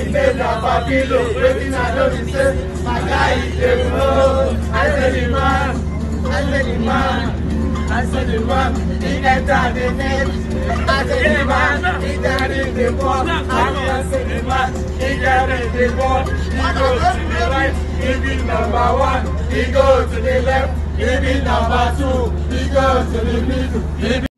Ile na papilo, wetin I know be say, my guy dey blow. I say the man, I say the man, I say the man, he enter the net. I say the man, he carry the ball. I say the man, he carry the ball. He go to the right, he be number one. He go to the left, he be number two. He go to the middle,